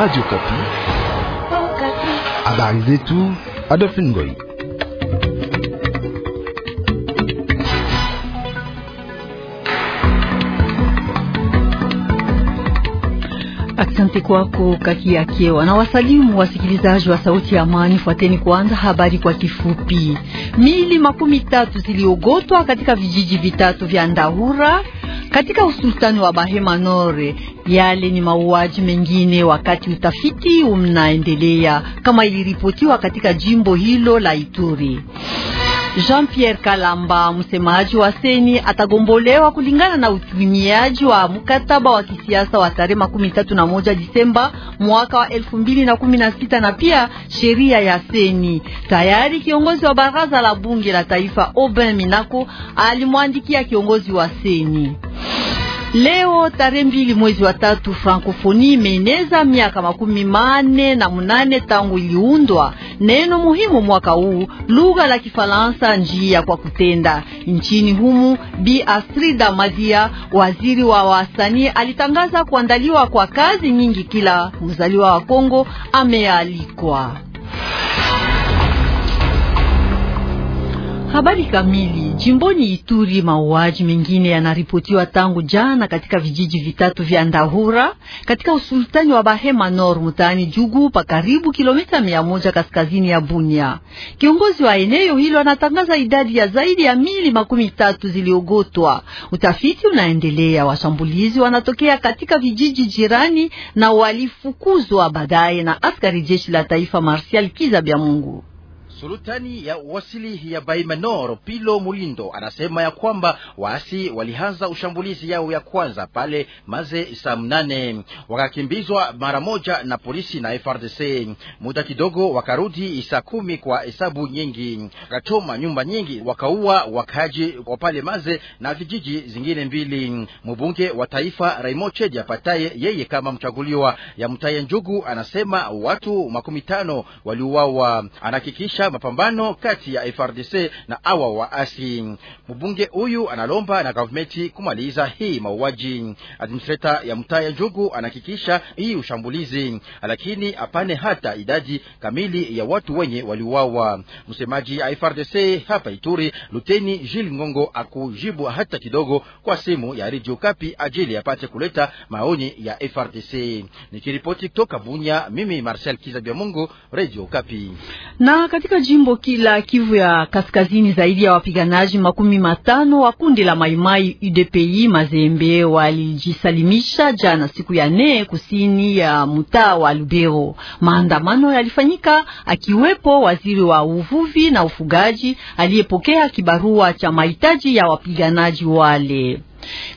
Radio Kapi. Habari zetu Adolphine Ngoy. Asante kwako kaki yakewa na wasalimu wasikilizaji wa sauti ya amani. Fuateni kwanza habari kwa kifupi. Mili makumi tatu ziliogotwa katika vijiji vitatu vya Ndahura katika usultani wa Bahema Nore yale ni mauaji mengine wakati utafiti unaendelea kama iliripotiwa katika jimbo hilo la Ituri. Jean-Pierre Kalamba, msemaji wa Seni, atagombolewa kulingana na utumiaji wa mkataba wa kisiasa wa tarehe makumi tatu na moja Disemba mwaka wa elfu mbili na kumi na sita na pia sheria ya Seni. Tayari kiongozi wa baraza la bunge la taifa Aubin Minako alimwandikia kiongozi wa Seni. Leo tarehe mbili mwezi wa tatu, Frankofoni imeeneza miaka makumi mane na munane tangu iliundwa. Neno muhimu mwaka huu lugha la Kifaransa, njia kwa kutenda nchini humu. Bi Astrida Madia, waziri wa wasanii, alitangaza kuandaliwa kwa kazi nyingi. Kila mzaliwa wa Kongo amealikwa. Habari kamili. Jimboni Ituri, mauaji mengine yanaripotiwa tangu jana katika vijiji vitatu vya Ndahura katika usultani wa Bahema Nor mutaani Jugu pa karibu kilomita mia moja kaskazini ya bunya Kiongozi wa eneo hilo anatangaza idadi ya zaidi ya mili makumi tatu ziliogotwa. Utafiti unaendelea, washambulizi wanatokea katika vijiji jirani na walifukuzwa baadaye na askari jeshi la taifa Kiza Bya Mungu. Sultani ya wasili ya Baimenor Pilo Mulindo anasema ya kwamba waasi walianza ushambulizi yao ya kwanza pale Maze saa mnane, wakakimbizwa mara moja na polisi na FRDC. Muda kidogo wakarudi saa kumi kwa hesabu nyingi, wakachoma nyumba nyingi, wakaua wakaji wa pale Maze na vijiji zingine mbili. Mbunge wa taifa Raimo Chedi apataye yeye kama mchaguliwa ya Mtaye Njugu anasema watu makumi tano waliuawa, anahakikisha kuendesha mapambano kati ya FRDC na awa waasi. Mbunge huyu analomba na gavumenti kumaliza hii mauaji. Administrator ya mtaa ya Jugu anahakikisha hii ushambulizi, lakini apane hata idadi kamili ya watu wenye waliuawa. Msemaji ya FRDC hapa Ituri, Luteni Jil Ngongo, akujibu hata kidogo kwa simu ya Radio Kapi ajili apate kuleta maoni ya FRDC. Nikiripoti kutoka Bunya, mimi Marcel Kiza Mungu, Radio Kapi. Na katika katika jimbo kila Kivu ya Kaskazini, zaidi ya wapiganaji makumi matano wa kundi la Maimai UDPI Mazembe walijisalimisha jana siku ya nne kusini ya mtaa wa Lubero. Maandamano yalifanyika akiwepo waziri wa uvuvi na ufugaji aliyepokea kibarua cha mahitaji ya wapiganaji wale.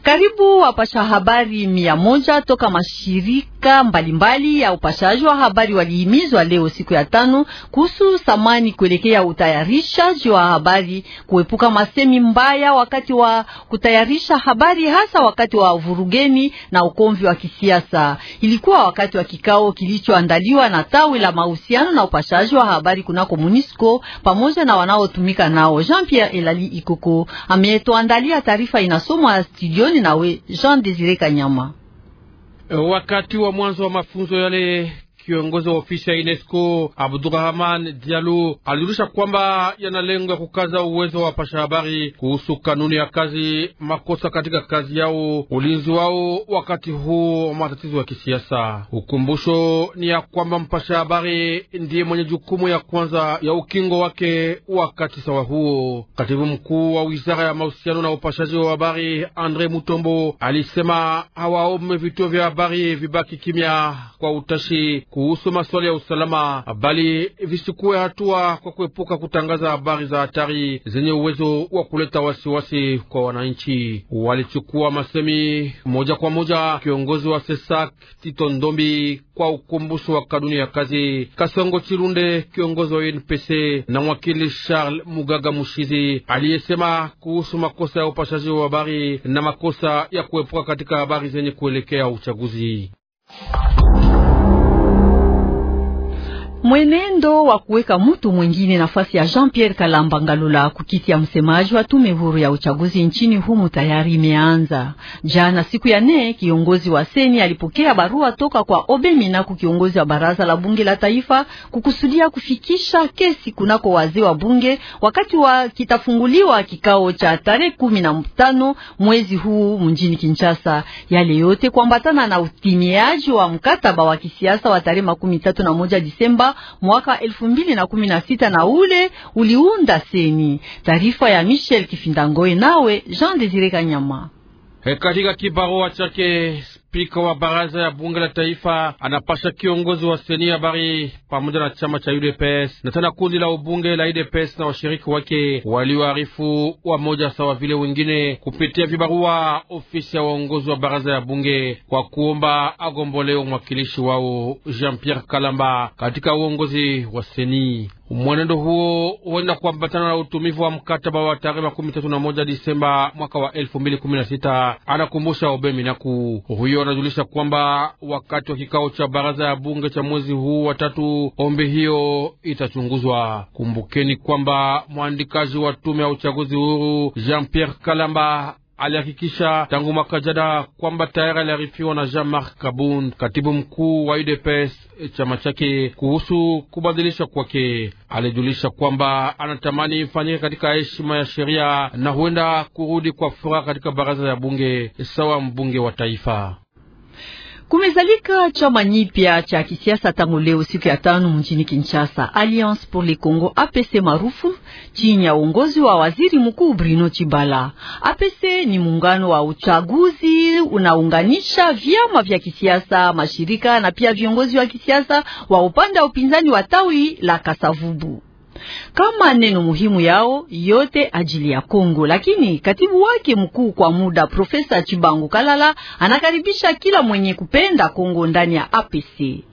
Karibu wapasha habari mia moja toka mashirika mashirika mbalimbali ya upashaji wa habari walihimizwa leo siku ya tano kuhusu samani kuelekea utayarishaji wa habari, kuepuka masemi mbaya wakati wa kutayarisha habari, hasa wakati wa vurugeni na ukomvi wa kisiasa. Ilikuwa wakati wa kikao kilichoandaliwa na tawi la mahusiano na upashaji wa habari kunako MONUSCO pamoja na wanaotumika nao. Jean Pierre Elali Ikoko ametuandalia taarifa, inasomwa studioni nawe Jean Desire Kanyama wakati wa mwanzo wa mafunzo yale kiongozi wa ofisi ya UNESCO Abdurahman dialu alirusha kwamba yana lengo ya kukaza uwezo wa pasha habari kuhusu kanuni ya kazi, makosa katika kazi yao, ulinzi wao wakati huu matatizo ya kisiasa. Ukumbusho ni ya kwamba mpasha habari ndiye mwenye jukumu ya kwanza ya ukingo wake wakati sawa huo. Katibu mkuu wa wizara ya mahusiano na upashaji wa habari Andre Mutombo alisema hawaombe vituo vya habari vibaki kimya kwa utashi kuhusu maswali ya usalama, bali visikuwe hatua kwa kuepuka kutangaza habari za hatari zenye uwezo wa kuleta wasiwasi kwa wananchi. Walichukua masemi moja kwa moja kiongozi wa Sesak Tito Ndombi kwa ukumbusho wa kanuni ya kazi. Kasongo Chirunde, kiongozi wa UNPC na mwakili Charles Mugaga Mushizi aliyesema kuhusu makosa ya upashaji wa habari na makosa ya kuepuka katika habari zenye kuelekea uchaguzi mwenendo wa kuweka mtu mwingine nafasi ya Jean-Pierre Kalamba Ngalula kukiti ya msemaji wa tume huru ya uchaguzi nchini humu tayari imeanza jana, siku ya nne. Kiongozi wa seni alipokea barua toka kwa Obeminaku, kiongozi wa baraza la bunge la taifa, kukusudia kufikisha kesi kunako wazee wa bunge wakati wa kitafunguliwa kikao cha tarehe kumi na mtano mwezi huu mjini Kinshasa, yale yote kuambatana na utimiaji wa mkataba wa kisiasa wa tarehe makumi tatu na moja Disemba mwaka elfu mbili na kumi na sita na ule uliunda seni. Taarifa ya Michel Kifindangoe nawe Jean Desire Kanyama. Eh, katika kibarua chake spika wa baraza ya bunge la taifa anapasha kiongozi wa seni habari pamoja na chama cha UDPS na tena kundi la ubunge la UDPS na washiriki wake walioarifu moja sawa vile wengine kupitia vibarua ofisi ya uongozi wa baraza ya bunge kwa kuomba agombolewe mwakilishi wao Jean Pierre Kalamba katika uongozi wa seni. Mwenendo huo huenda kuambatana na utumivu wa mkataba wa tarehe makumi tatu na moja Disemba mwaka wa elfu mbili kumi na sita, anakumbusha Obeminaku. Huyo anajulisha kwamba wakati wa kikao cha baraza ya bunge cha mwezi huu wa tatu, ombi hiyo itachunguzwa. Kumbukeni kwamba mwandikaji wa tume ya uchaguzi huru Jean Pierre Kalamba alihakikisha tangu mwaka jana kwamba tayari aliarifiwa na Jean-Marc Kabund, katibu mkuu wa UDPS chama chake, kuhusu kubadilisha kwake. Alijulisha kwamba anatamani ifanyike katika heshima ya sheria na huenda kurudi kwa furaha katika baraza ya bunge sawa mbunge wa taifa. Kumezalika chama nyipya cha kisiasa tangu leo siku ya tano mjini Kinshasa, Alliance pour le Congo APC maarufu chini ya uongozi wa waziri mkuu Bruno Chibala. APC ni muungano wa uchaguzi unaunganisha vyama vya kisiasa, mashirika na pia viongozi wa kisiasa wa upande wa upinzani wa tawi la Kasavubu kama neno muhimu yao yote ajili ya Kongo. Lakini katibu wake mkuu kwa muda Profesa Chibangu Kalala anakaribisha kila mwenye kupenda Kongo ndani ya APC.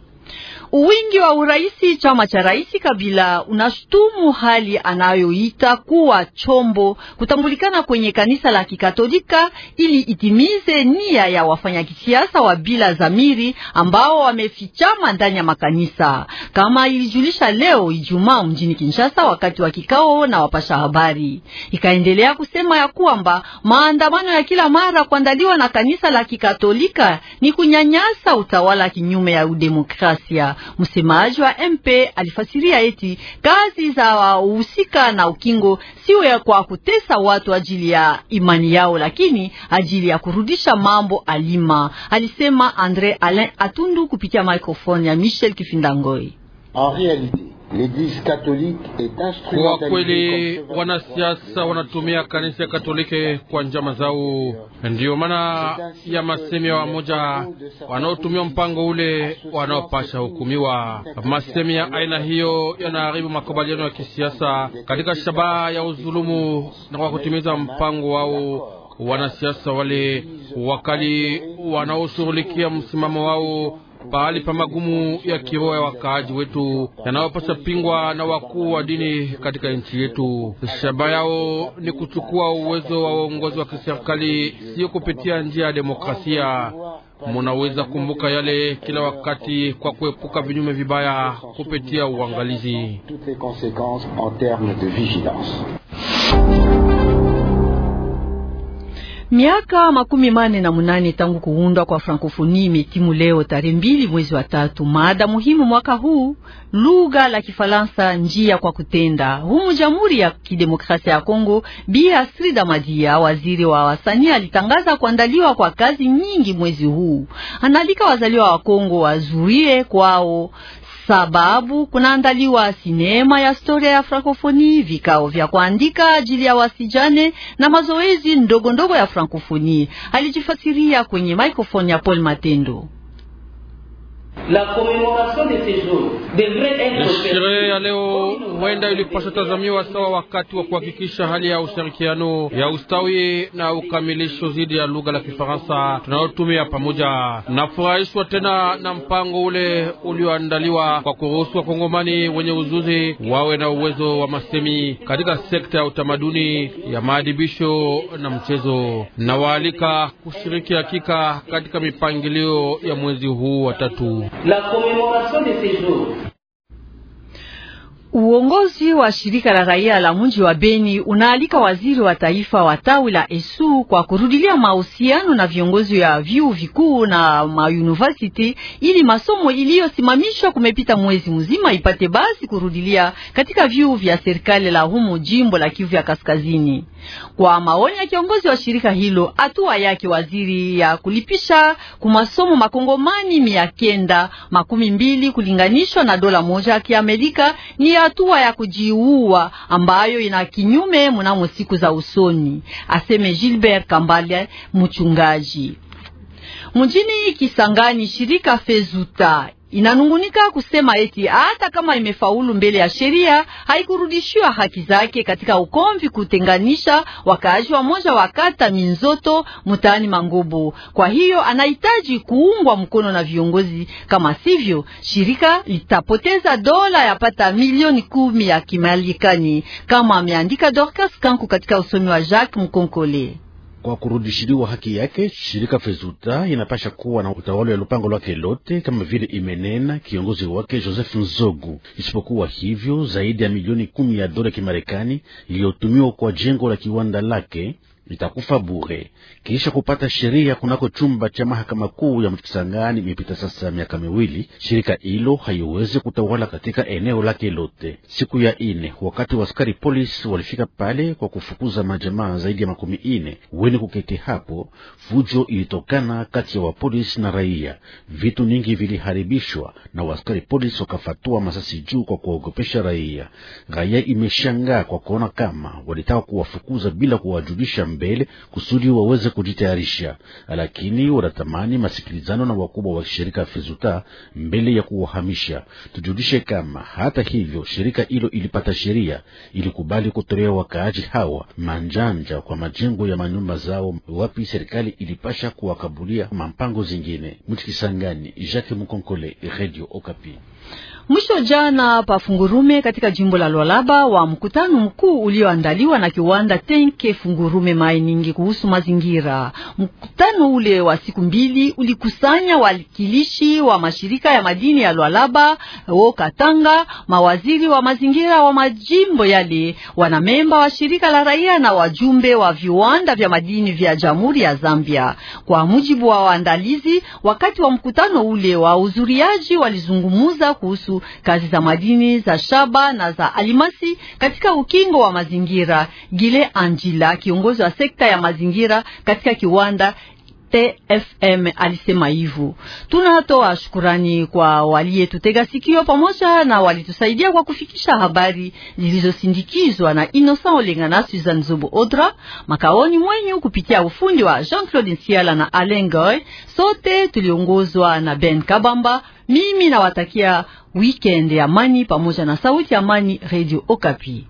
Uwingi wa uraisi chama cha rais Kabila unashutumu hali anayoita kuwa chombo kutambulikana kwenye kanisa la Kikatolika ili itimize nia ya wafanya kisiasa wa bila zamiri ambao wamefichama ndani ya makanisa, kama ilijulisha leo Ijumaa mjini Kinshasa wakati wa kikao na wapasha habari. Ikaendelea kusema ya kwamba maandamano ya kila mara kuandaliwa na kanisa la Kikatolika ni kunyanyasa utawala kinyume ya udemokrasia Msemaji wa MP alifasiria eti kazi za wahusika na ukingo sio ya kwa kutesa watu ajili ya imani yao, lakini ajili ya kurudisha mambo alima, alisema Andre Alain Atundu kupitia microphone ya Michel Kifindangoi. Kwa kweli wanasiasa wanatumia kanisa ya katolike kwa njama zao, ndiyo maana ya masemi ya wamoja wanaotumia mpango ule wanaopasha hukumiwa. Masemi ya aina hiyo yanaharibu makubaliano ya kisiasa katika shabaha ya uzulumu na kwa kutimiza mpango wao wanasiasa wale wakali wanaoshughulikia msimamo wao pahali pa magumu ya kiroho ya wakaaji wetu yanayopasa pingwa na wakuu wa dini katika nchi yetu. shaba yao ni kuchukua uwezo wa uongozi wa kiserikali, sio kupitia njia ya demokrasia. Munaweza kumbuka yale kila wakati kwa kuepuka vinyume vibaya kupitia uangalizi. Miaka makumi mane na munane tangu kuundwa kwa Frankofoni imetimu leo tarehe mbili mwezi wa tatu. Maada muhimu mwaka huu lugha la Kifaransa njia kwa kutenda. Humu Jamhuri ya Kidemokrasia ya Kongo, Bi Astrida Madia, waziri wa wasanii, alitangaza kuandaliwa kwa kazi nyingi mwezi huu. Analika wazaliwa wa Kongo wazuie kwao sababu kunaandaliwa sinema ya historia ya Frankofoni, vikao vya kuandika ajili ya wasijane na mazoezi ndogondogo ya Frankofoni. Alijifasiria kwenye mikrofoni ya Paul Matendo. Sherehe ya leo oh, huenda ilipasha tazamiwa sawa wakati wa kuhakikisha hali ya ushirikiano ya ustawi na ukamilisho zidi ya lugha la Kifaransa tunayotumia pamoja. Nafurahishwa tena na mpango ule ulioandaliwa kwa kuruhusu wakongomani wenye uzuzi wawe na uwezo wa masemi katika sekta ya utamaduni, ya maadibisho na mchezo, na kushiriki hakika katika mipangilio ya mwezi huu wa tatu. La commémoration de ces jours Uongozi wa shirika la raia la mji wa Beni unaalika waziri wa taifa wa tawi la ESU kwa kurudilia mahusiano na viongozi ya vyuo vikuu na mauniversity ili masomo iliyosimamishwa kumepita mwezi mzima ipate basi kurudilia katika vyuo vya serikali la humu jimbo la Kivu ya Kaskazini. Kwa maoni ya kiongozi wa shirika hilo, hatua yake waziri ya kulipisha kumasomo makongomani mia kenda makumi mbili kulinganishwa na dola moja ya Kiamerika ni hatua ya kujiua ambayo ina kinyume mnamo siku za usoni, aseme Gilbert Kambale, mchungaji mjini Kisangani, shirika Fezuta inanungunika kusema eti hata kama imefaulu mbele ya sheria haikurudishiwa haki zake katika ukomvi kutenganisha wakaaji wa moja wa kata Minzoto mtaani Mangubu. Kwa hiyo anahitaji kuungwa mkono na viongozi, kama sivyo shirika litapoteza dola ya pata milioni kumi ya kimalikani kama ameandika Dorcas Kanku katika usomi wa Jacques Mkonkole kwa kurudishiliwa haki yake. Shirika Fezuta inapasha kuwa na utawala ya lupango lwake lote, kama vile imenena kiongozi wake Joseph Nzogu. Isipokuwa hivyo, zaidi ya milioni kumi ya dola ya Kimarekani iliyotumiwa kwa jengo la kiwanda lake itakufa bure. Kisha kupata sheria kunako chumba cha mahakama kuu ya Mkisangani imepita sasa miaka miwili, shirika hilo haiwezi kutawala katika eneo lake lote. Siku ya ine, wakati wa askari polisi walifika pale kwa kufukuza majamaa zaidi ya makumi ine weni kuketi hapo, fujo ilitokana kati ya wapolisi na raia, vitu nyingi viliharibishwa na waskari polisi wakafatua masasi juu kwa kuwaogopesha raia. Raia imeshangaa kwa kuona kama walitaka kuwafukuza bila kuwajulisha mbele kusudi waweze kujitayarisha, lakini wanatamani masikilizano na wakubwa wa shirika Fezuta mbele ya kuwahamisha. Tujulishe kama hata hivyo shirika hilo ilipata sheria ilikubali kutolea wakaaji hawa manjanja kwa majengo ya manyumba zao, wapi serikali ilipasha kuwakabulia mampango zingine. Mtikisangani, Jacques mkonkole Radio Okapi mwisho jana pa fungurume katika jimbo la lwalaba wa mkutano mkuu ulioandaliwa na kiwanda Tenke Fungurume Mining kuhusu mazingira. Mkutano ule wa siku mbili ulikusanya wakilishi wa mashirika ya madini ya lwalaba Wokatanga, mawaziri wa mazingira wa majimbo yale, wanamemba wa shirika la raia na wajumbe wa viwanda vya madini vya Jamhuri ya Zambia. Kwa mujibu wa waandalizi, wakati wa mkutano ule, wahudhuriaji walizungumuza kuhusu kuhusu kazi za madini za shaba na za alimasi katika ukingo wa mazingira. Gile Angila, kiongozi wa sekta ya mazingira katika kiwanda TFM alisema hivyo. Tunatoa shukurani kwa waliyetutega sikio pamoja na walitusaidia kwa kufikisha habari zilizosindikizwa na Innocent Olenga na Suzanne Zobo Odra, makaoni mwenyu kupitia ufundi wa Jean-Claude Nsiala na Alain Goy. Sote tuliongozwa na Ben Kabamba. Mimi nawatakia weekend ya amani pamoja na sauti ya amani Radio Okapi.